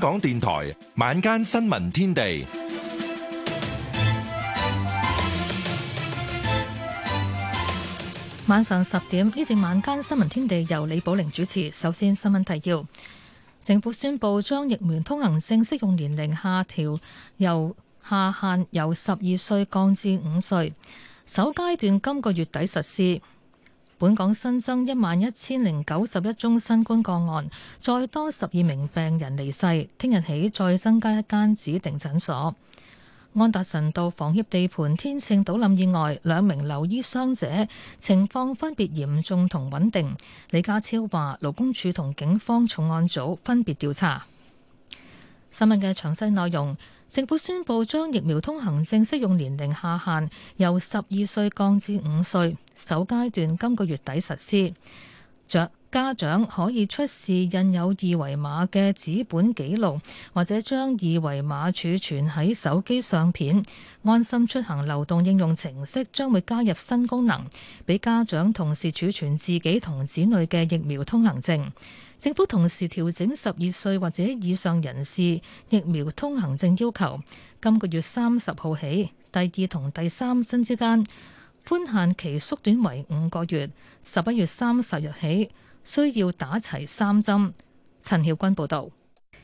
香港電台晚間新聞天地，晚上十點呢節晚間新聞天地由李寶玲主持。首先，新聞提要：政府宣布將疫苗通行證適用年齡下調，由下限由十二歲降至五歲，首階段今個月底實施。本港新增一萬一千零九十一宗新冠個案，再多十二名病人離世。聽日起再增加一間指定診所。安達臣道房協地盤天秤倒冧意外，兩名留醫傷者情況分別嚴重同穩定。李家超話勞工處同警方重案組分別調查新聞嘅詳細內容。政府宣布將疫苗通行證適用年齡下限由十二歲降至五歲，首階段今個月底實施。著家長可以出示印有二維碼嘅紙本記錄或者將二維碼儲存喺手機相片。安心出行流動應用程式將會加入新功能，俾家長同時儲存自己同子女嘅疫苗通行證。政府同時調整十二歲或者以上人士疫苗通行證要求，今個月三十號起，第二同第三針之間，寬限期縮短為五個月，十一月三十日起，需要打齊三針。陳曉君報導。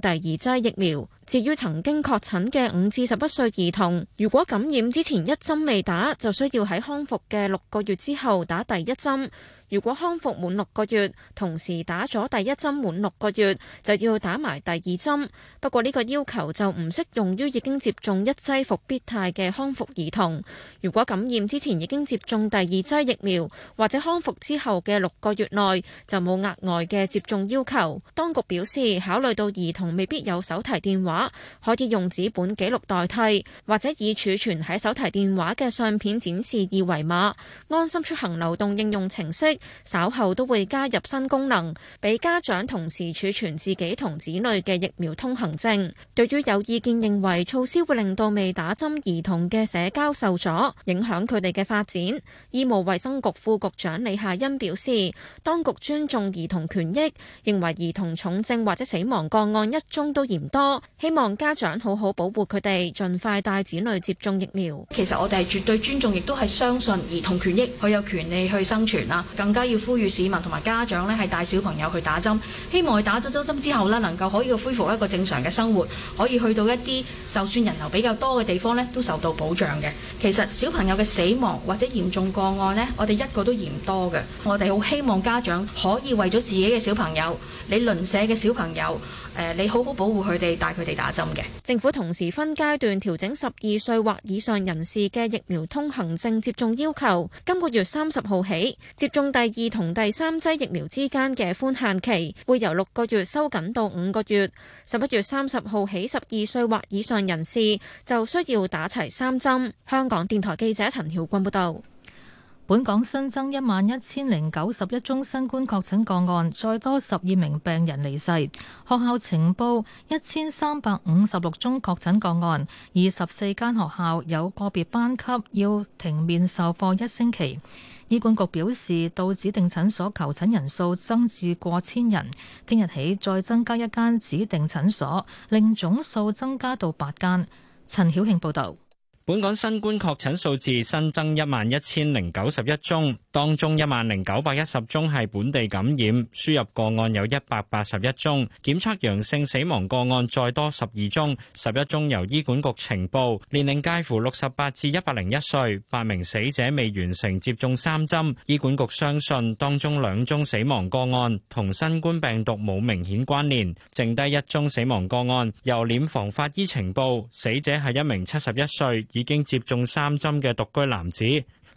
第二劑疫苗。至於曾經確診嘅五至十一歲兒童，如果感染之前一針未打，就需要喺康復嘅六個月之後打第一針。如果康復滿六個月，同時打咗第一針滿六個月，就要打埋第二針。不過呢個要求就唔適用於已經接種一劑復必泰嘅康復兒童。如果感染之前已經接種第二劑疫苗，或者康復之後嘅六個月內，就冇額外嘅接種要求。當局表示，考慮到兒童未必有手提電話，可以用紙本記錄代替，或者以儲存喺手提電話嘅相片展示二維碼，安心出行流動應用程式。稍後都會加入新功能，俾家長同時儲存自己同子女嘅疫苗通行證。對於有意見認為措施會令到未打針兒童嘅社交受阻，影響佢哋嘅發展，醫務衛生局副局長李夏欣表示，當局尊重兒童權益，認為兒童重症或者死亡個案一宗都嫌多，希望家長好好保護佢哋，盡快帶子女接種疫苗。其實我哋係絕對尊重，亦都係相信兒童權益，佢有權利去生存啦。更加要呼籲市民同埋家長咧，係帶小朋友去打針，希望佢打咗針針之後咧，能夠可以恢復一個正常嘅生活，可以去到一啲就算人流比較多嘅地方咧，都受到保障嘅。其實小朋友嘅死亡或者嚴重個案咧，我哋一個都嫌多嘅。我哋好希望家長可以為咗自己嘅小朋友，你鄰舍嘅小朋友。誒，你好好保護佢哋，帶佢哋打針嘅。政府同時分階段調整十二歲或以上人士嘅疫苗通行證接種要求。今個月三十號起，接種第二同第三劑疫苗之間嘅寬限期會由六個月收緊到五個月。十一月三十號起，十二歲或以上人士就需要打齊三針。香港電台記者陳曉君報道。本港新增一萬一千零九十一宗新冠確診個案，再多十二名病人離世。學校呈報一千三百五十六宗確診個案，二十四間學校有個別班級要停面授課一星期。醫管局表示，到指定診所求診人數增至過千人，聽日起再增加一間指定診所，令總數增加到八間。陳曉慶報導。本港新冠確診數字新增一萬一千零九十一宗。當中一萬零九百一十宗係本地感染，輸入個案有一百八十一宗，檢測陽性死亡個案再多十二宗，十一宗由醫管局呈報，年齡介乎六十八至一百零一歲，八名死者未完成接種三針。醫管局相信當中兩宗死亡個案同新冠病毒冇明顯關聯，剩低一宗死亡個案由殮房法醫呈報，死者係一名七十一歲已經接種三針嘅獨居男子。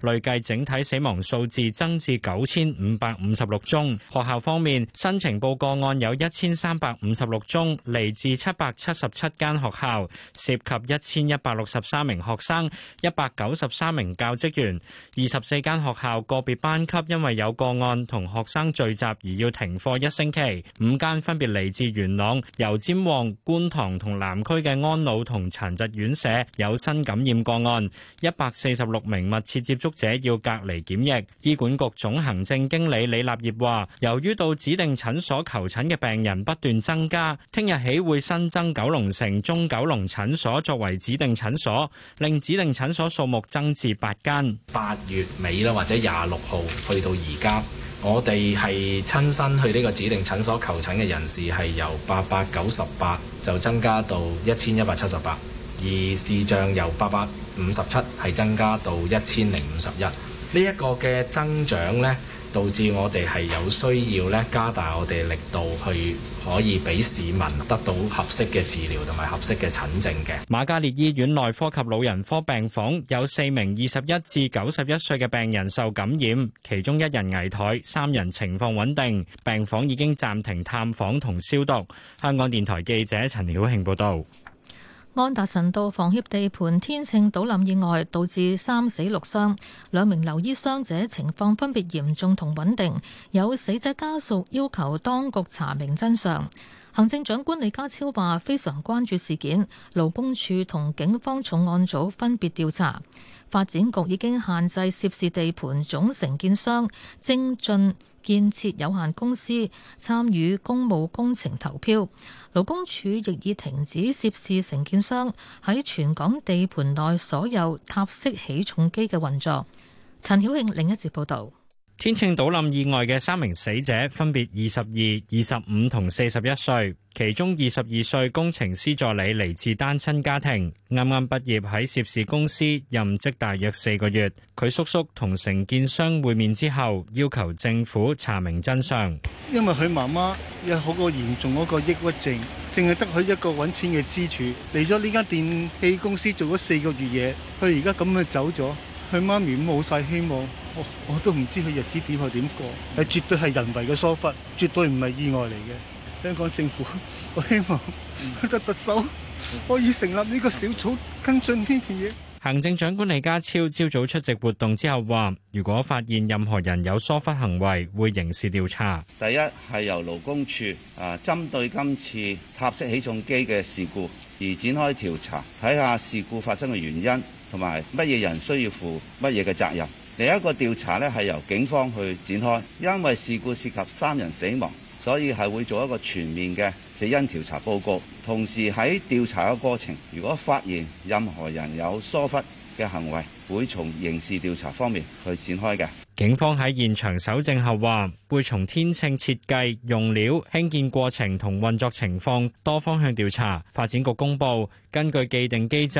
累計整體死亡數字增至九千五百五十六宗。學校方面，新呈報個案有一千三百五十六宗，嚟自七百七十七間學校，涉及一千一百六十三名學生、一百九十三名教職員。二十四間學校個別班級因為有個案同學生聚集而要停課一星期。五間分別嚟自元朗、油尖旺、觀塘同南區嘅安老同殘疾院舍，有新感染個案，一百四十六名密切接觸者要隔離檢疫，醫管局總行政經理李立業話，由於到指定診所求診嘅病人不斷增加，聽日起會新增九龍城中九龍診所作為指定診所，令指定診所數目增至八間。八月尾啦，或者廿六號去到而家，我哋係親身去呢個指定診所求診嘅人士係由八百九十八就增加到一千一百七十八，而視像由八百五十七係增加到一千零五十一，呢、這、一個嘅增長咧，導致我哋係有需要咧加大我哋力度，去可以俾市民得到合適嘅治療同埋合適嘅診症嘅。瑪嘉烈醫院內科及老人科病房有四名二十一至九十一歲嘅病人受感染，其中一人危殆，三人情況穩定。病房已經暫停探訪同消毒。香港電台記者陳曉慶報道。安達臣道防協地盤天秤倒林意外，導致三死六傷，兩名留醫傷者情況分別嚴重同穩定，有死者家屬要求當局查明真相。行政長官李家超話非常關注事件，勞工處同警方重案組分別調查，發展局已經限制涉事地盤總承建商，精進。建設有限公司參與公務工程投標，勞工處亦已停止涉事承建商喺全港地盤內所有塔式起重機嘅運作。陳曉慶，另一節報道。天秤倒冧意外嘅三名死者分別二十二、二十五同四十一歲，其中二十二歲工程師助理嚟自單親家庭，啱啱畢業，喺涉事公司任職大約四個月。佢叔叔同承建商會面之後，要求政府查明真相。因為佢媽媽有好個嚴重嗰個抑鬱症，淨係得佢一個揾錢嘅支柱，嚟咗呢間電器公司做咗四個月嘢，佢而家咁樣走咗，佢媽咪冇晒希望。我我都唔知佢日子點係點過，係絕對係人為嘅疏忽，絕對唔係意外嚟嘅。香港政府，我希望佢嘅特首可以成立呢個小組跟進呢件嘢。行政長官李家超朝早出席活動之後話，如果發現任何人有疏忽行為，會刑事調查。第一係由勞工處啊，針對今次塔式起重機嘅事故而展開調查，睇下事故發生嘅原因，同埋乜嘢人需要負乜嘢嘅責任。第一個調查呢係由警方去展開，因為事故涉及三人死亡，所以係會做一個全面嘅死因調查報告。同時喺調查嘅過程，如果發現任何人有疏忽嘅行為，會從刑事調查方面去展開嘅。警方喺現場搜證後話，會從天秤設計、用料、興建過程同運作情況多方向調查。發展局公布，根據既定機制。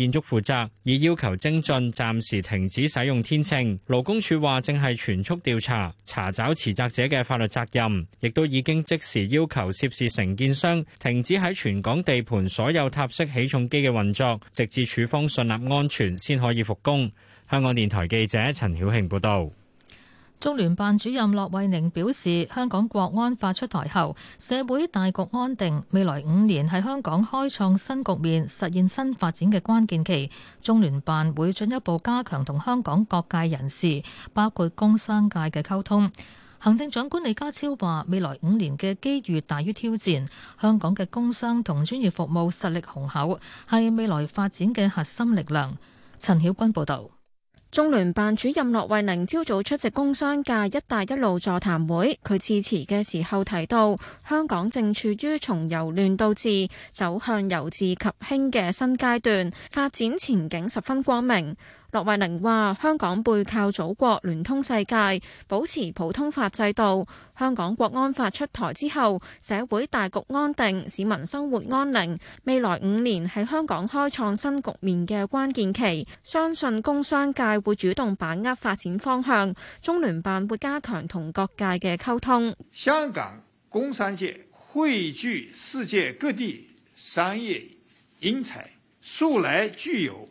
建築負責，已要求精進，暫時停止使用天秤。勞工處話正係全速調查，查找持責者嘅法律責任，亦都已經即時要求涉事承建商停止喺全港地盤所有塔式起重機嘅運作，直至處方順立安全先可以復工。香港電台記者陳曉慶報導。中聯辦主任駱惠寧表示，香港國安法出台後，社會大局安定，未來五年係香港開創新局面、實現新發展嘅關鍵期。中聯辦會進一步加強同香港各界人士，包括工商界嘅溝通。行政長官李家超話，未來五年嘅機遇大於挑戰，香港嘅工商同專業服務實力雄厚，係未來發展嘅核心力量。陳曉君報導。中聯辦主任駱惠寧朝早出席工商界“一帶一路”座談會，佢致辭嘅時候提到，香港正處於從由亂到治走向由治及興嘅新階段，發展前景十分光明。駱惠寧話：香港背靠祖國，聯通世界，保持普通法制度。香港國安法出台之後，社會大局安定，市民生活安寧。未來五年係香港開創新局面嘅關鍵期，相信工商界會主動把握發展方向，中聯辦會加強同各界嘅溝通。香港工商界匯聚世界各地商業英才，素來具有。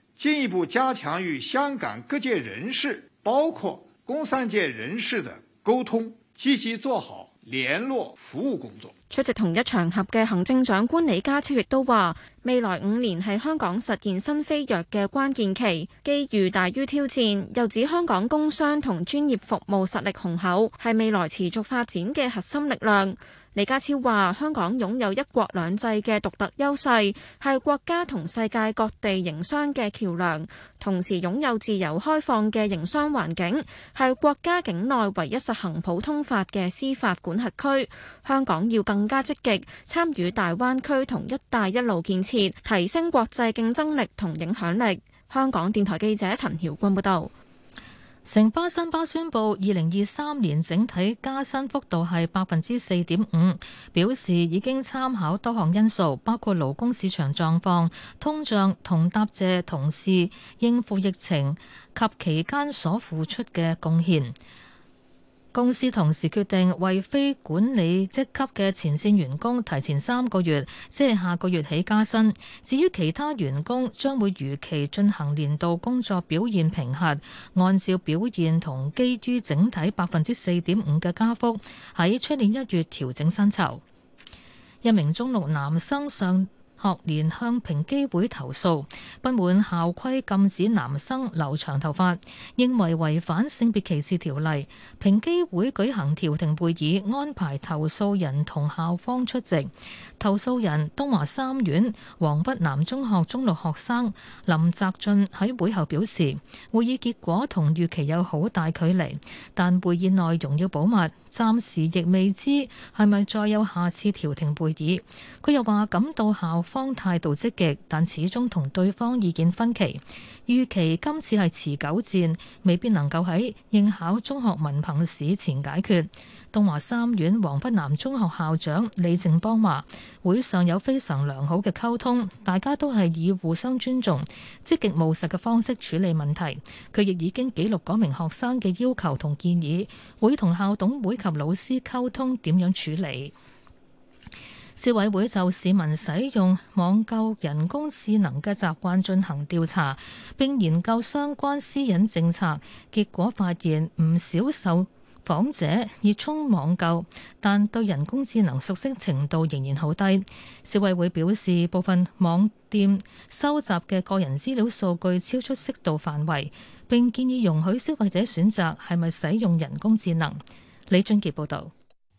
進一步加強與香港各界人士，包括工商界人士嘅溝通，積極做好聯絡服務工作。出席同一場合嘅行政長官李家超亦都話，未來五年係香港實現新飛躍嘅關鍵期，機遇大於挑戰。又指香港工商同專業服務實力雄厚，係未來持續發展嘅核心力量。李家超話：香港擁有一國兩制嘅獨特優勢，係國家同世界各地營商嘅橋梁；同時擁有自由開放嘅營商環境，係國家境內唯一實行普通法嘅司法管轄區。香港要更加積極參與大灣區同「一帶一路」建設，提升國際競爭力同影響力。香港電台記者陳曉君報導。城巴新巴宣布，二零二三年整體加薪幅度係百分之四點五，表示已經參考多項因素，包括勞工市場狀況、通脹同答謝同事應付疫情及期間所付出嘅貢獻。公司同時決定為非管理職級嘅前線員工提前三個月，即係下個月起加薪。至於其他員工，將會如期進行年度工作表現評核，按照表現同基於整體百分之四點五嘅加幅，喺出年一月調整薪酬。一名中六男生上。學年向平機會投訴，不滿校規禁止男生留長頭髮，認為違反性別歧視條例。平機會舉行調停會議，安排投訴人同校方出席。投訴人東華三院黃笏南中學中六學生林澤俊喺會後表示，會議結果同預期有好大距離，但會議內容要保密，暫時亦未知係咪再有下次調停會議。佢又話感到校方。方態度積極，但始終同對方意見分歧。預期今次係持久戰，未必能夠喺應考中學文憑試前解決。東華三院黃笏南中學校長李正邦話：會上有非常良好嘅溝通，大家都係以互相尊重、積極務實嘅方式處理問題。佢亦已經記錄嗰名學生嘅要求同建議，會同校董會及老師溝通點樣處理。消委會就市民使用網購人工智能嘅習慣進行調查，並研究相關私隱政策。結果發現唔少受訪者熱衷網購，但對人工智能熟悉程度仍然好低。消委會表示，部分網店收集嘅個人資料數據超出適度範圍，並建議容許消費者選擇係咪使用人工智能。李俊傑報道。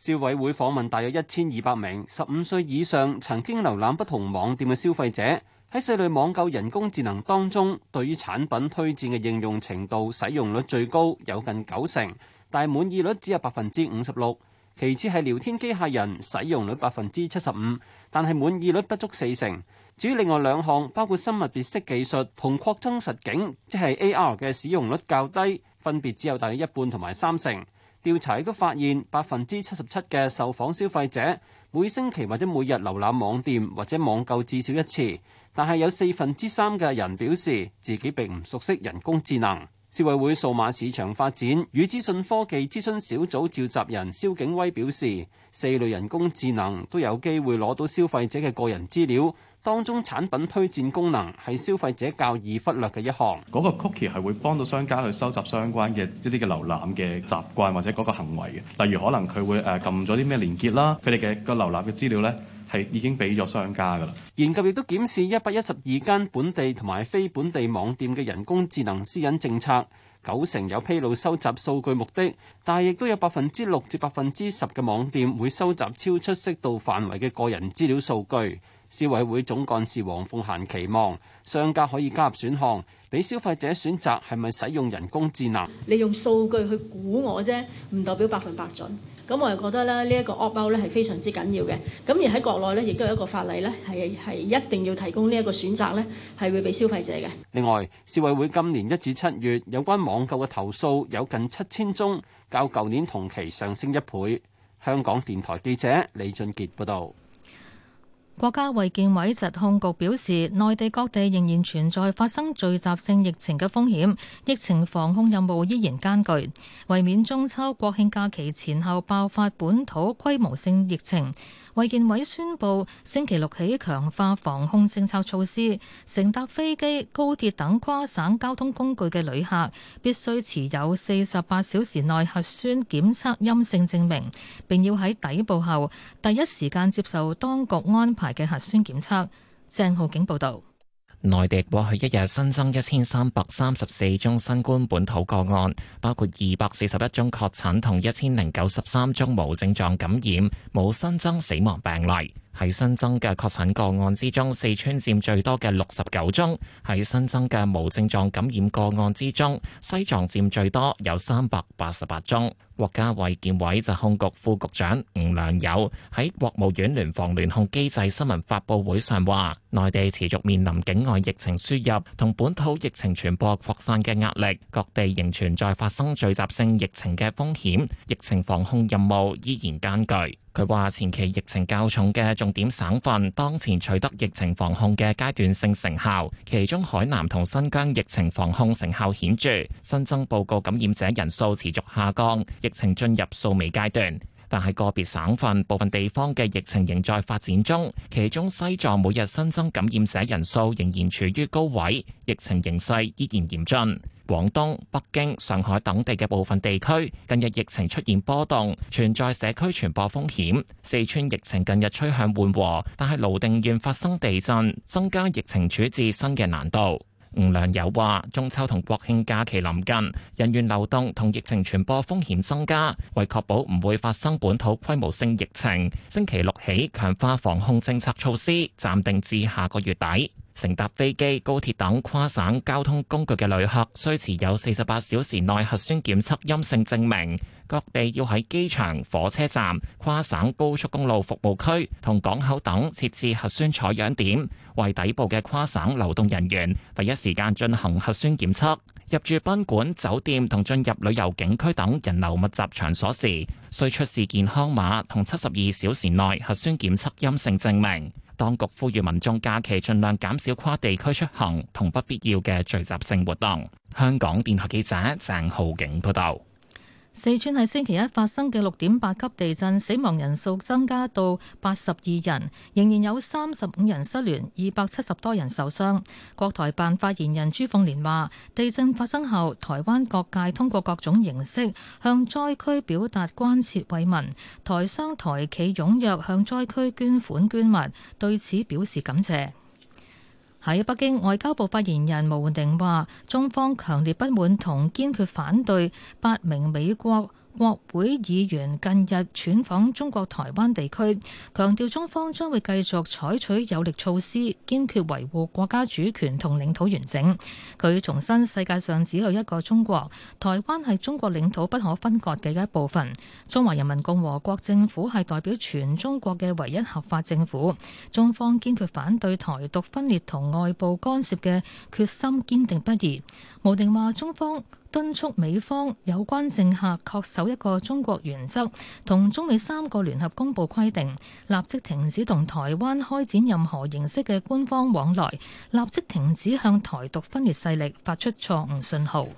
消委會訪問大約一千二百名十五歲以上曾經瀏覽不同網店嘅消費者，喺四類網購人工智能當中，對於產品推薦嘅應用程度使用率最高，有近九成，但係滿意率只有百分之五十六。其次係聊天機械人，使用率百分之七十五，但係滿意率不足四成。至於另外兩項，包括生物辨識技術同擴增實境，即係 AR 嘅使用率較低，分別只有大約一半同埋三成。調查亦都發現，百分之七十七嘅受訪消費者每星期或者每日瀏覽網店或者網購至少一次，但係有四分之三嘅人表示自己並唔熟悉人工智能。消委會數碼市場發展與資訊科技諮詢小組召集人蕭景威表示，四類人工智能都有機會攞到消費者嘅個人資料。當中產品推薦功能係消費者較易忽略嘅一項，嗰個 cookie 係會幫到商家去收集相關嘅一啲嘅瀏覽嘅習慣或者嗰個行為嘅。例如，可能佢會誒撳咗啲咩連結啦，佢哋嘅個瀏覽嘅資料呢，係已經俾咗商家噶啦。研究亦都檢視一百一十二間本地同埋非本地網店嘅人工智能私隱政策，九成有披露收集數據目的，但係亦都有百分之六至百分之十嘅網店會收集超出適度範圍嘅個人資料數據。消委會總幹事黃鳳嫻期望商家可以加入選項，俾消費者選擇係咪使用人工智能。利用數據去估我啫，唔代表百分百準。咁我又覺得咧，呢一個 opt-out 咧係非常之緊要嘅。咁而喺國內呢，亦都有一個法例呢，係係一定要提供呢一個選擇呢，係會俾消費者嘅。另外，消委會今年一至七月有關網購嘅投訴有近七千宗，較舊年同期上升一倍。香港電台記者李俊傑報導。國家衛健委疾控局表示，內地各地仍然存在發生聚集性疫情嘅風險，疫情防控任務依然艱巨，為免中秋國慶假期前後爆發本土規模性疫情。衛健委宣布，星期六起強化防控政策措施，乘搭飛機、高鐵等跨省交通工具嘅旅客，必須持有四十八小時內核酸檢測陰性證明，並要喺抵埗後第一時間接受當局安排嘅核酸檢測。鄭浩景報道。內地過去一日新增一千三百三十四宗新冠本土個案，包括二百四十一宗確診同一千零九十三宗無症狀感染，冇新增死亡病例。喺新增嘅確診個案之中，四川佔最多嘅六十九宗；喺新增嘅無症狀感染個案之中，西藏佔最多，有三百八十八宗。國家衛健委疾控局副局長吳良有喺國務院聯防聯控機制新聞發布會上話。內地持續面臨境外疫情輸入同本土疫情傳播擴散嘅壓力，各地仍存在發生聚集性疫情嘅風險，疫情防控任務依然艱巨。佢話：前期疫情較重嘅重點省份，當前取得疫情防控嘅階段性成效，其中海南同新疆疫情防控成效顯著，新增報告感染者人數持續下降，疫情進入掃尾階段。但係個別省份部分地方嘅疫情仍在發展中，其中西藏每日新增感染者人數仍然處於高位，疫情形勢依然嚴峻。廣東、北京、上海等地嘅部分地區近日疫情出現波動，存在社區傳播風險，四川疫情近日趨向緩和，但係瀘定縣發生地震，增加疫情處置新嘅難度。吳良有話：中秋同國慶假期臨近，人員流動同疫情傳播風險增加，為確保唔會發生本土規模性疫情，星期六起強化防控政策措施，暫定至下個月底。乘搭飛機、高鐵等跨省交通工具嘅旅客，需持有四十八小時內核酸檢測陰性證明。各地要喺機場、火車站、跨省高速公路服務區同港口等設置核酸採樣點，為底部嘅跨省流動人員第一時間進行核酸檢測。入住賓館酒店同進入旅遊景區等人流密集場所時，需出示健康碼同七十二小時內核酸檢測陰性證明。當局呼籲民眾假期盡量減少跨地區出行同不必要嘅聚集性活動。香港電台記者鄭浩景報道。四川喺星期一發生嘅六點八級地震，死亡人數增加到八十二人，仍然有三十五人失聯，二百七十多人受傷。國台辦發言人朱鳳蓮話：地震發生後，台灣各界通過各種形式向災區表達關切慰問，台商台企踴躍向災區捐款捐物，對此表示感謝。喺北京，外交部發言人毛寧話，中方強烈不滿同堅決反對八名美國國會議員近日竄訪中國台灣地區，強調中方將會繼續採取有力措施，堅決維護國家主權同領土完整。佢重申，世界上只有一個中國，台灣係中國領土不可分割嘅一部分。中華人民共和國政府係代表全中國嘅唯一合法政府。中方堅決反對台獨分裂同外部干涉嘅決心堅定不移。無定話，中方。敦促美方有關政客恪守一個中國原則，同中美三個聯合公布規定，立即停止同台灣開展任何形式嘅官方往來，立即停止向台獨分裂勢力發出錯誤信號。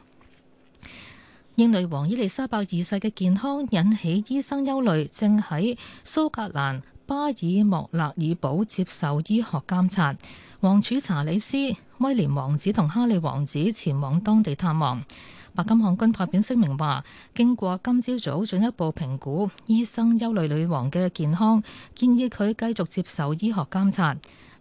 英女王伊麗莎白二世嘅健康引起醫生憂慮，正喺蘇格蘭巴爾莫勒爾堡接受醫學監察。王儲查理斯、威廉王子同哈利王子前往當地探望。白金漢宮發表聲明話：經過今朝早，早進一步評估，醫生憂慮女王嘅健康，建議佢繼續接受醫學監察。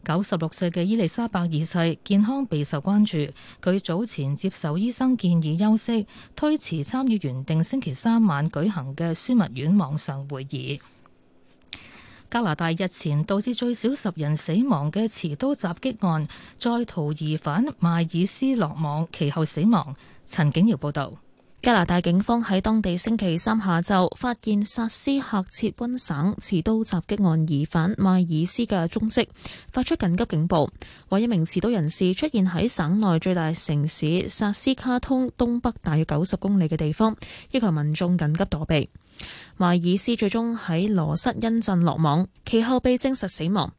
九十六歲嘅伊利沙伯二世健康備受關注。佢早前接受醫生建議休息，推遲參與原定星期三晚舉行嘅樞密院網上會議。加拿大日前導致最少十人死亡嘅持刀襲擊案，在逃疑犯邁爾斯落網，其後死亡。陳景瑤報道，加拿大警方喺當地星期三下晝發現薩斯克切溫省持刀襲擊案疑犯邁爾斯嘅蹤跡，發出緊急警報，話一名持刀人士出現喺省內最大城市薩斯卡通東北大約九十公里嘅地方，要求民眾緊急躲避。邁爾斯最終喺羅室恩鎮落網，其後被證實死亡。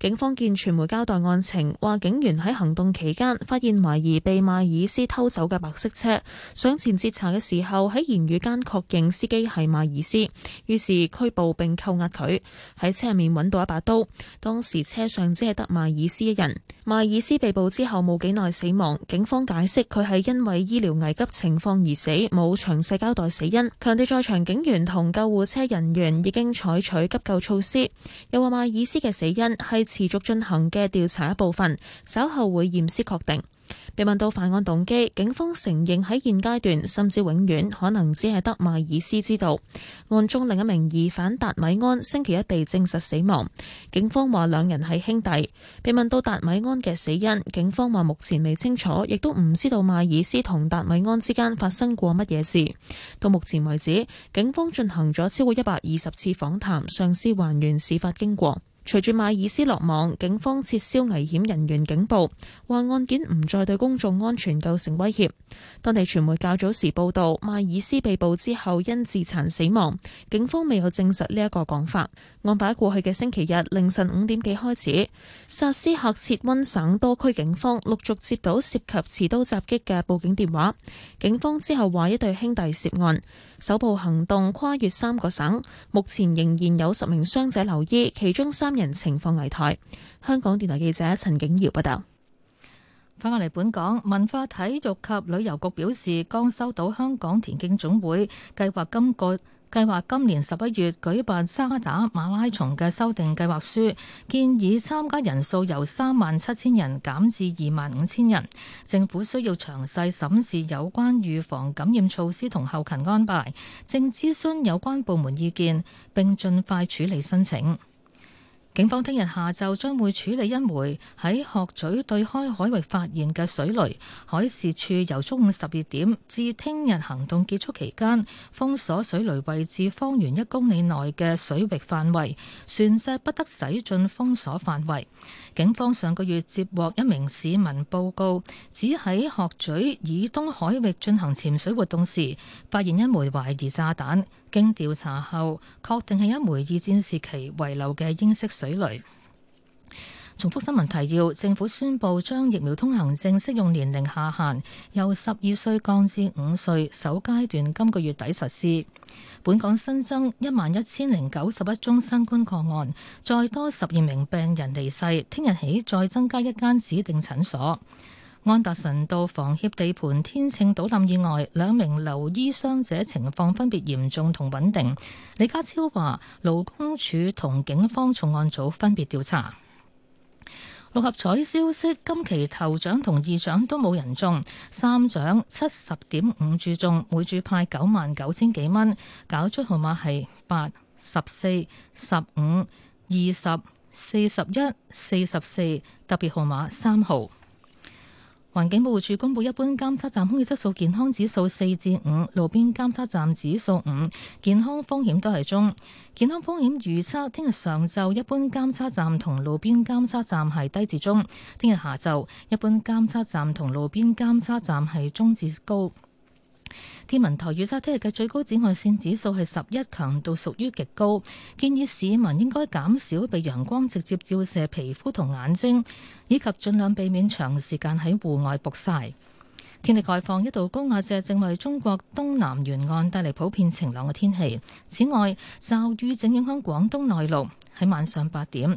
警方見傳媒交代案情，話警員喺行動期間發現懷疑被馬爾斯偷走嘅白色車，上前截查嘅時候，喺言語間確認司機係馬爾斯，於是拘捕並扣押佢。喺車入面揾到一把刀，當時車上只係得馬爾斯一人。邁爾斯被捕之後冇幾耐死亡，警方解釋佢係因為醫療危急情況而死，冇詳細交代死因，強調在場警員同救護車人員已經採取急救措施，又話邁爾斯嘅死因係持續進行嘅調查一部分，稍後會驗屍確定。被問到犯案動機，警方承認喺現階段甚至永遠可能只係得邁爾斯知道。案中另一名疑犯達米安星期一被證實死亡，警方話兩人係兄弟。被問到達米安嘅死因，警方話目前未清楚，亦都唔知道邁爾斯同達米安之間發生過乜嘢事。到目前為止，警方進行咗超過一百二十次訪談，嘗試還原事發經過。隨住邁爾斯落網，警方撤銷危險人員警報，話案件唔再對公眾安全構成威脅。當地傳媒較早時報道邁爾斯被捕之後因自殘死亡，警方未有證實呢一個講法。案發過去嘅星期日凌晨五點幾開始，薩斯喀徹溫省多區警方陸續接到涉及持刀襲擊嘅報警電話，警方之後話一對兄弟涉案。首部行動跨越三個省，目前仍然有十名傷者留醫，其中三。三人情況危殆。香港電台記者陳景瑤報道。翻返嚟，本港，文化體育及旅遊局表示，剛收到香港田徑總會計劃今個計劃今年十一月舉辦渣打馬拉松嘅修訂計劃書，建議參加人數由三萬七千人減至二萬五千人。政府需要詳細審視有關預防感染措施同後勤安排，正諮詢有關部門意見，並盡快處理申請。警方聽日下晝將會處理一枚喺鶴咀對開海域發現嘅水雷。海事處由中午十二點至聽日行動結束期間，封鎖水雷位置，方圓一公里內嘅水域範圍，船隻不得駛進封鎖範圍。警方上個月接獲一名市民報告，指喺鶴嘴以東海域進行潛水活動時，發現一枚懷疑炸彈。經調查後，確定係一枚二戰時期遺留嘅英式水雷。重複新聞提要：政府宣佈將疫苗通行證適用年齡下限由十二歲降至五歲，首階段今個月底實施。本港新增一萬一千零九十一宗新冠個案，再多十二名病人離世。聽日起再增加一間指定診所。安達臣道房協地盤天秤倒冧意外，兩名留醫傷者情況分別嚴重同穩定。李家超話勞工處同警方重案組分別調查。六合彩消息，今期頭獎同二獎都冇人中，三獎七十點五注中，每注派九萬九千幾蚊，攪出號碼係八、十四、十五、二十、四十一、四十四，特別號碼三號。環境保護署公布，一般監測站空氣質素健康指數四至五，路邊監測站指數五，健康風險都係中。健康風險預測，聽日上晝一般監測站同路邊監測站係低至中，聽日下晝一般監測站同路邊監測站係中至高。天文台預測聽日嘅最高紫外線指數係十一，強度屬於極高，建議市民應該減少被陽光直接照射皮膚同眼睛，以及盡量避免長時間喺戶外曝曬。天氣概況：一道高壓脊正為中國東南沿岸帶嚟普遍晴朗嘅天氣。此外，驟雨正影響廣東內陸，喺晚上八點。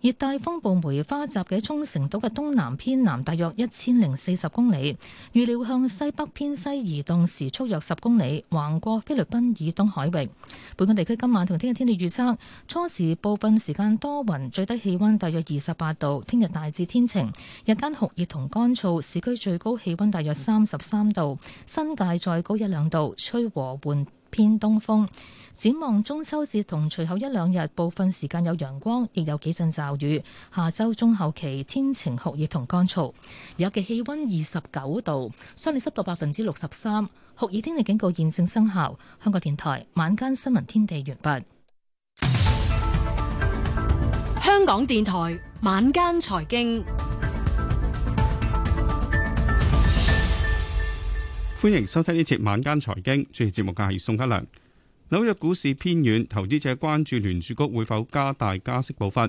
熱帶風暴梅花集喺沖繩島嘅東南偏南，大約一千零四十公里，預料向西北偏西移動，時速約十公里，橫過菲律賓以東海域。本港地區今晚同聽日天氣預測：初時部分時間多雲，最低氣溫大約二十八度；聽日大致天晴，日間酷熱同乾燥，市區最高氣溫大約三十三度，新界再高一兩度，吹和緩偏東風，展望中秋節同隨後一兩日，部分時間有陽光，亦有幾陣驟雨。下周中後期天晴酷熱同乾燥，而家嘅氣温二十九度，相對濕度百分之六十三，酷熱天氣警告現正生效。香港電台晚間新聞天地完畢。香港電台晚間財經。歡迎收聽呢節晚間財經，主持節目嘅係宋家良。紐約股市偏軟，投資者關注聯儲局會否加大加息步伐。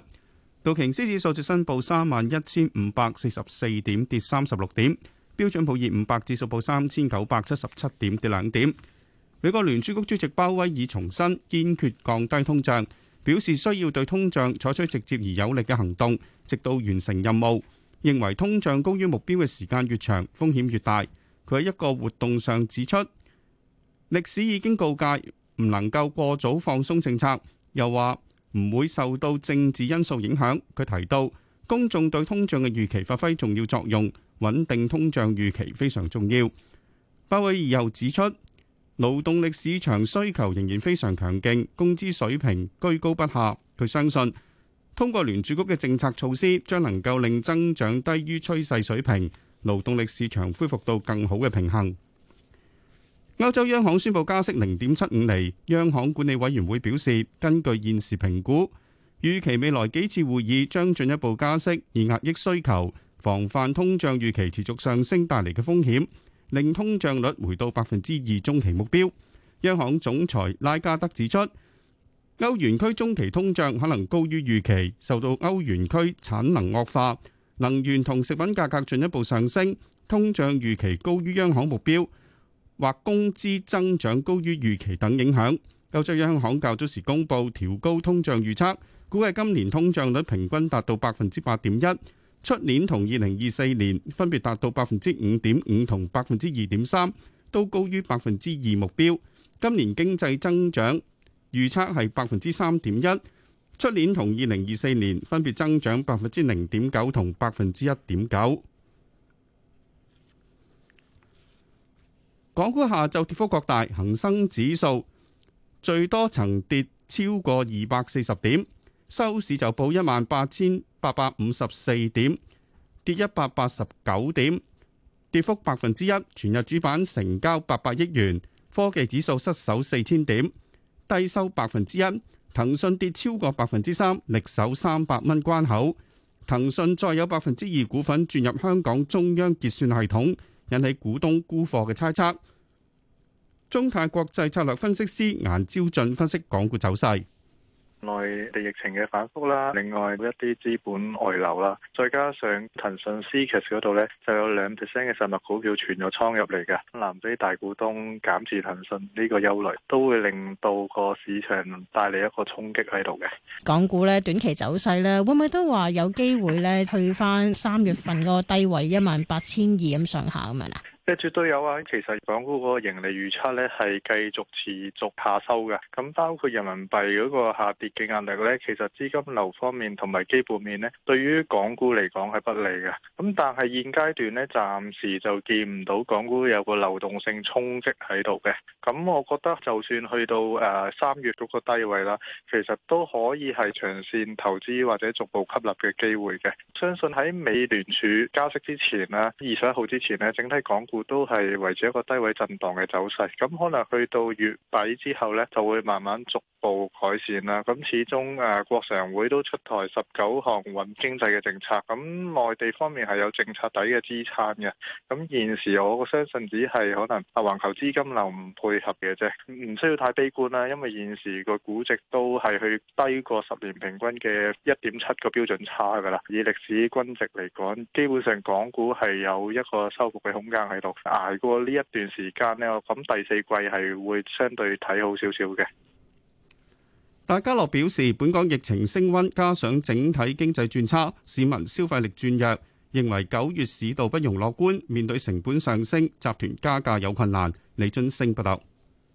道瓊斯指數最新報三萬一千五百四十四點，跌三十六點。標準普爾五百指數報三千九百七十七點，跌兩點。美國聯儲局主席鮑威爾重申堅決降低通脹，表示需要對通脹採取直接而有力嘅行動，直到完成任務。認為通脹高於目標嘅時間越長，風險越大。佢喺一個活動上指出，歷史已經告誡唔能夠過早放鬆政策。又話唔會受到政治因素影響。佢提到，公眾對通脹嘅預期發揮重要作用，穩定通脹預期非常重要。鮑威爾又指出，勞動力市場需求仍然非常強勁，工資水平居高不下。佢相信，通過聯儲局嘅政策措施，將能夠令增長低於趨勢水平。勞動力市場恢復到更好嘅平衡。歐洲央行宣布加息零點七五厘。央行管理委員會表示，根據現時評估，預期未來幾次會議將進一步加息，以壓抑需求，防範通脹預期持續上升帶嚟嘅風險，令通脹率回到百分之二中期目標。央行總裁拉加德指出，歐元區中期通脹可能高於預期，受到歐元區產能惡化。能源同食品價格進一步上升，通脹預期高於央行目標，或工資增長高於預期等影響。歐洲央行喺較早時公布調高通脹預測，估計今年通脹率平均達到百分之八點一，出年同二零二四年分別達到百分之五點五同百分之二點三，都高於百分之二目標。今年經濟增長預測係百分之三點一。出年同二零二四年分別增長百分之零點九同百分之一點九。港股下晝跌幅擴大，恒生指數最多曾跌超過二百四十點，收市就報一萬八千八百五十四點，跌一百八十九點，跌幅百分之一。全日主板成交八百億元，科技指數失守四千點，低收百分之一。騰訊跌超過百分之三，力守三百蚊關口。騰訊再有百分之二股份轉入香港中央結算系統，引起股東沽貨嘅猜測。中泰國際策略分析師顏招駿分析港股走勢。內地疫情嘅反覆啦，另外一啲資本外流啦，再加上騰訊、c q 嗰度咧，就有兩 percent 嘅實物股票存咗倉入嚟嘅，南非大股東減持騰訊呢個憂慮，都會令到個市場帶嚟一個衝擊喺度嘅。港股咧，短期走勢咧，會唔會都話有機會咧退返三月份嗰個低位一萬八千二咁上下咁樣啊？即絕對有啊！其實港股嗰個盈利預測咧係繼續持續下收嘅。咁包括人民幣嗰個下跌嘅壓力咧，其實資金流方面同埋基本面咧，對於港股嚟講，係不利嘅。咁但係現階段咧，暫時就見唔到港股有個流動性衝擊喺度嘅。咁我覺得就算去到誒三月嗰個低位啦，其實都可以係長線投資或者逐步吸納嘅機會嘅。相信喺美聯儲加息之前啦，二十一號之前咧，整體港股，都係維持一個低位震盪嘅走勢，咁可能去到月底之後呢，就會慢慢逐步改善啦。咁始終誒、啊，國常會都出台十九項穩經濟嘅政策，咁內地方面係有政策底嘅支撐嘅。咁現時我相信只係可能啊，環球資金流唔配合嘅啫，唔需要太悲觀啦。因為現時個估值，都係去低過十年平均嘅一點七個標準差噶啦，以歷史均值嚟講，基本上港股係有一個收復嘅空間喺度。捱過呢一段時間呢，我諗第四季係會相對睇好少少嘅。大家樂表示，本港疫情升溫，加上整體經濟轉差，市民消費力轉弱，認為九月市道不容樂觀。面對成本上升，集團加價有困難。李津升報道。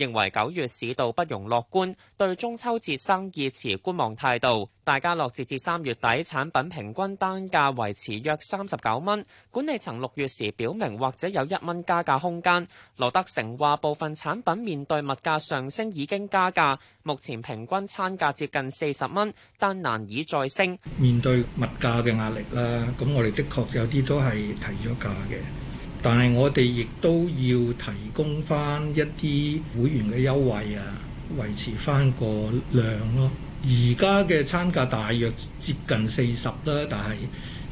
認為九月市道不容樂觀，對中秋節生意持觀望態度。大家樂截至三月底產品平均單價維持約三十九蚊，管理層六月時表明或者有一蚊加價空間。羅德成話，部分產品面對物價上升已經加價，目前平均餐價接近四十蚊，但難以再升。面對物價嘅壓力啦，咁我哋的確有啲都係提咗價嘅。但係我哋亦都要提供翻一啲會員嘅優惠啊，維持翻個量咯，啊。而家嘅餐價大約接近四十啦，但係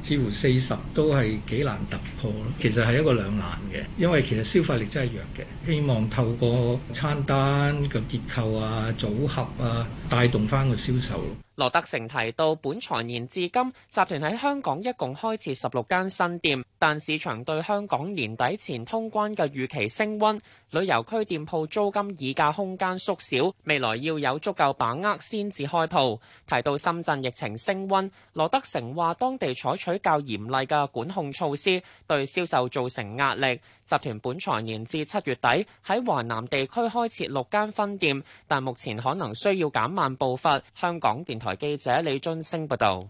似乎四十都係幾難突破咯。其實係一個兩難嘅，因為其實消費力真係弱嘅。希望透過餐單嘅結構啊、組合啊，帶動翻個銷售。羅德成提到，本財年至今，集團喺香港一共開設十六間新店，但市場對香港年底前通關嘅預期升溫。旅遊區店鋪租金議價空間縮小，未來要有足夠把握先至開鋪。提到深圳疫情升溫，羅德成話當地採取較嚴厲嘅管控措施，對銷售造成壓力。集團本財年至七月底喺華南地區開設六間分店，但目前可能需要減慢步伐。香港電台記者李俊升報導。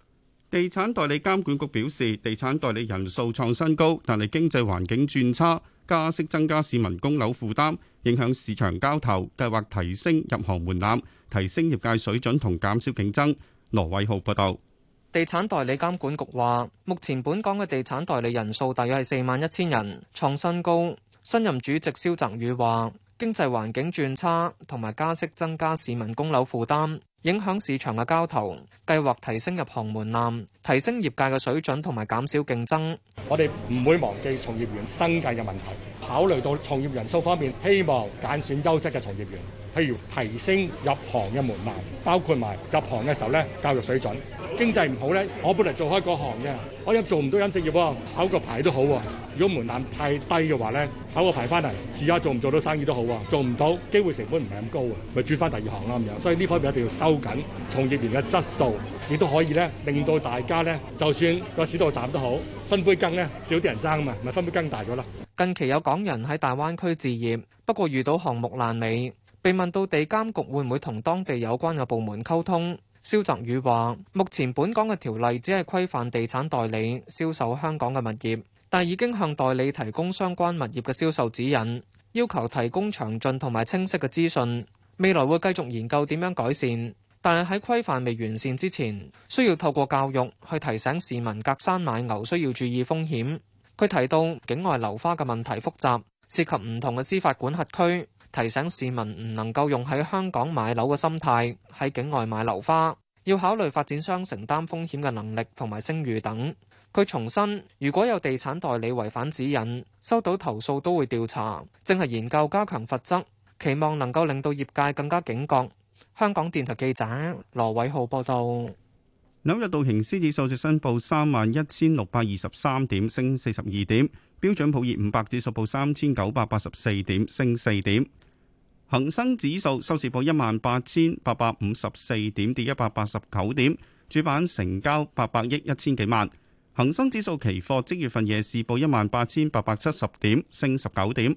地產代理監管局表示，地產代理人數創新高，但係經濟環境轉差，加息增加市民供樓負擔，影響市場交投，計劃提升入行門檻，提升業界水準同減少競爭。羅偉浩報道，地產代理監管局話，目前本港嘅地產代理人數大約係四萬一千人，創新高。新任主席蕭澤宇話，經濟環境轉差，同埋加息增加市民供樓負擔。影響市場嘅交投，計劃提升入行門檻，提升業界嘅水準同埋減少競爭。我哋唔會忘記從業員生計嘅問題，考慮到從業人數方面，希望揀選優質嘅從業員。譬如提升入行嘅門檻，包括埋入行嘅時候咧，教育水準、經濟唔好咧，我本嚟做開嗰行嘅，我又做唔到飲食業喎，考個牌都好喎。如果門檻太低嘅話咧，考個牌翻嚟，試下做唔做到生意都好啊，做唔到，機會成本唔係咁高啊，咪轉翻第二行啦咁樣。所以呢方面一定要收緊從業員嘅質素，亦都可以咧令到大家咧，就算個市道淡都好，分杯羹咧少啲人爭啊嘛，咪分杯羹大咗啦。近期有港人喺大灣區置業，不過遇到項目爛尾。被問到地監局會唔會同當地有關嘅部門溝通，蕭澤宇話：目前本港嘅條例只係規範地產代理銷售香港嘅物業，但已經向代理提供相關物業嘅銷售指引，要求提供詳盡同埋清晰嘅資訊。未來會繼續研究點樣改善，但係喺規範未完善之前，需要透過教育去提醒市民隔山買牛需要注意風險。佢提到境外樓花嘅問題複雜，涉及唔同嘅司法管轄區。提醒市民唔能夠用喺香港買樓嘅心態喺境外買樓花，要考慮發展商承擔風險嘅能力同埋聲譽等。佢重申，如果有地產代理違反指引，收到投訴都會調查，正係研究加強罰則，期望能夠令到業界更加警覺。香港電台記者羅偉浩報道。紐約道瓊斯指數續升報三萬一千六百二十三點，升四十二點；標準普爾五百指數報三千九百八十四點，升四點；恒生指數收市報一萬八千八百五十四點，跌一百八十九點；主板成交八百億一千幾萬；恒生指數期貨即月份夜市報一萬八千八百七十點，升十九點；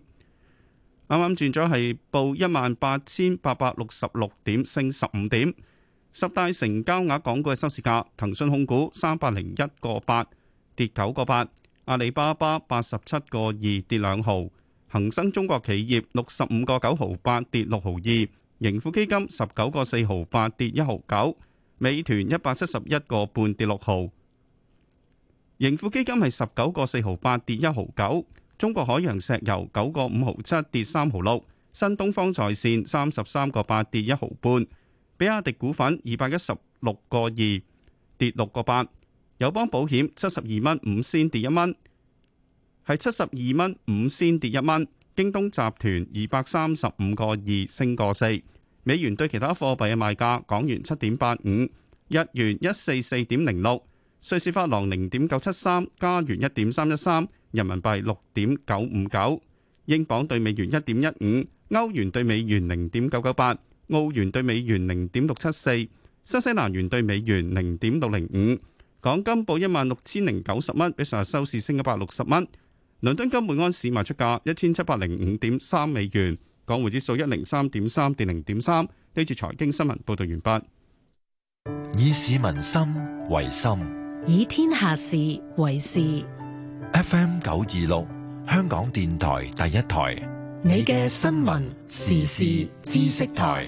啱啱轉咗係報一萬八千八百六十六點，升十五點。十大成交額港股嘅收市價：騰訊控股三百零一個八，跌九個八；阿里巴巴八十七個二，跌兩毫；恒生中國企業六十五個九毫八，跌六毫二；盈富基金十九個四毫八，跌一毫九；美團一百七十一個半，跌六毫；盈富基金係十九個四毫八，跌一毫九；中國海洋石油九個五毫七，跌三毫六；新東方在線三十三個八，跌一毫半。比亞迪股份二百一十六個二跌六個八，友邦保險七十二蚊五仙跌一蚊，係七十二蚊五仙跌一蚊。京東集團二百三十五個二升個四。美元對其他貨幣嘅賣價：港元七點八五，日元一四四點零六，瑞士法郎零點九七三，加元一點三一三，人民幣六點九五九，英鎊對美元一點一五，歐元對美元零點九九八。澳元兌美元零點六七四，新西蘭元兌美元零點六零五。港金報一萬六千零九十蚊，比上日收市升一百六十蚊。倫敦金每安市賣出價一千七百零五點三美元。港匯指數一零三點三跌零點三。呢次財經新聞報道完畢。以市民心為心，以天下事為事。FM 九二六，香港電台第一台，你嘅新聞時事知識台。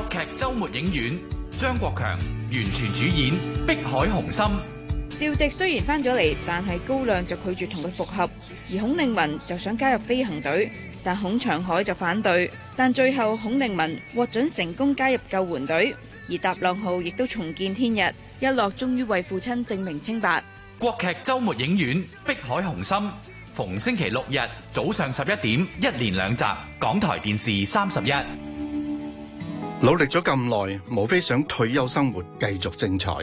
國劇周末影院，張國強完全主演《碧海雄心》。趙迪雖然翻咗嚟，但係高亮就拒絕同佢復合，而孔令文就想加入飛行隊，但孔長海就反對。但最後孔令文獲准成功加入救援隊，而搭浪號亦都重見天日，一樂終於為父親證明清白。國劇周末影院《碧海雄心》，逢星期六日早上十一點，一連兩集，港台電視三十一。努力咗咁耐，無非想退休生活繼續精彩。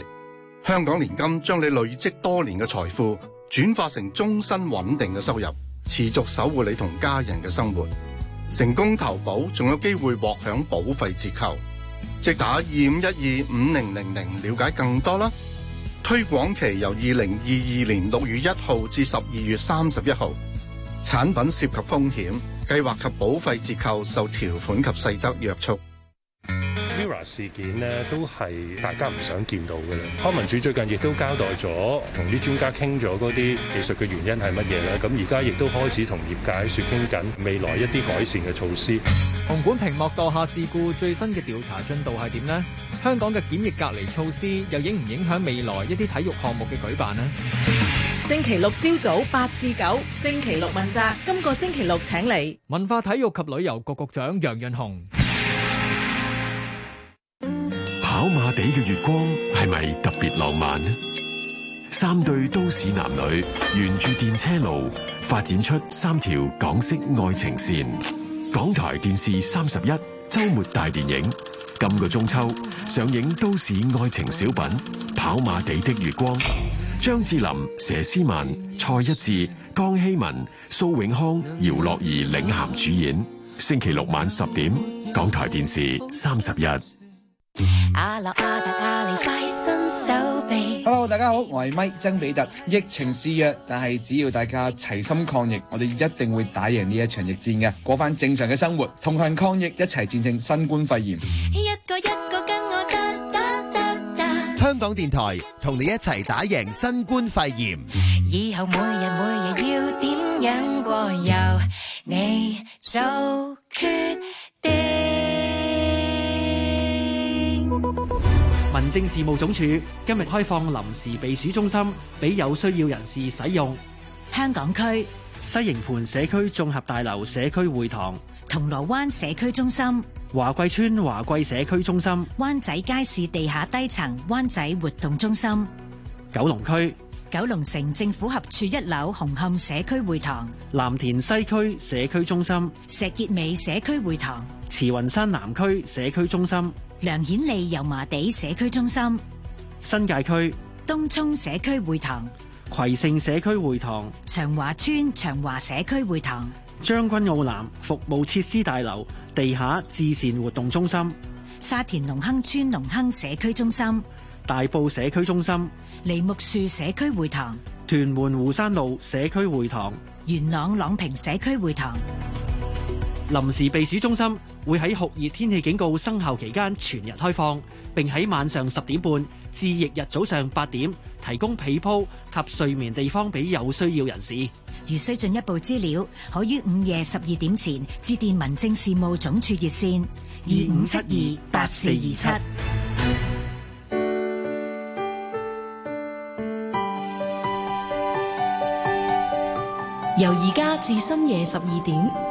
香港年金將你累積多年嘅財富轉化成終身穩定嘅收入，持續守護你同家人嘅生活。成功投保仲有機會獲享保費折扣，即打二五一二五零零零了解更多啦。推廣期由二零二二年六月一號至十二月三十一號。產品涉及風險，計劃及保費折扣受條款及細則約束。事件呢都係大家唔想見到嘅啦。康文署最近亦都交代咗，同啲專家傾咗嗰啲技術嘅原因係乜嘢啦。咁而家亦都開始同業界說傾緊未來一啲改善嘅措施。紅館屏幕墮下事故最新嘅調查進度係點呢？香港嘅檢疫隔離措施又影唔影響未來一啲體育項目嘅舉辦呢？星期六朝早八至九，星期六問責，今個星期六請嚟文化體育及旅遊局局，局長楊潤雄。跑馬地嘅月光係咪特別浪漫呢？三對都市男女沿住電車路發展出三條港式愛情線。港台電視三十一周末大電影，今個中秋上映《都市愛情小品：跑馬地的月光》，張智霖、佘詩曼、蔡一智、江希文、蘇永康、姚樂兒領銜主演。星期六晚十點，港台電視三十一。Hello，大家好，我係咪曾比特。疫情肆虐，但係只要大家齊心抗疫，我哋一定會打贏呢一場疫戰嘅，過翻正常嘅生活，同行抗疫，一齊戰勝新冠肺炎。一個一個跟我噠噠噠噠。香港電台同你一齊打贏新冠肺炎。以後每日每日要點樣過，由你做決定。民政事務總署今日開放臨時避暑中心，俾有需要人士使用。香港區西營盤社區綜合大樓社區會堂、銅鑼灣社區中心、華貴村華貴社區中心、灣仔街市地下低層灣仔活動中心、九龍區九龍城政府合署一樓紅磡社區會堂、藍田西區社區中心、石硖尾社區會堂、慈雲山南區社區中心。梁顯利油麻地社區中心，新界區東涌社區會堂，葵盛社區會堂，長華村長華社區會堂，將軍澳南服務設施大樓地下慈善活動中心，沙田隆亨村隆亨社區中心，大埔社區中心，梨木樹社區會堂，屯門湖山路社區會堂，元朗朗屏社區會堂。臨時避暑中心會喺酷熱天氣警告生效期間全日開放，並喺晚上十點半至翌日早上八點提供被鋪及睡眠地方俾有需要人士。如需進一步資料，可於午夜十二點前致電民政事務總署熱線二五七二八四二七。由而家至深夜十二點。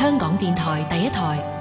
香港電台第一台。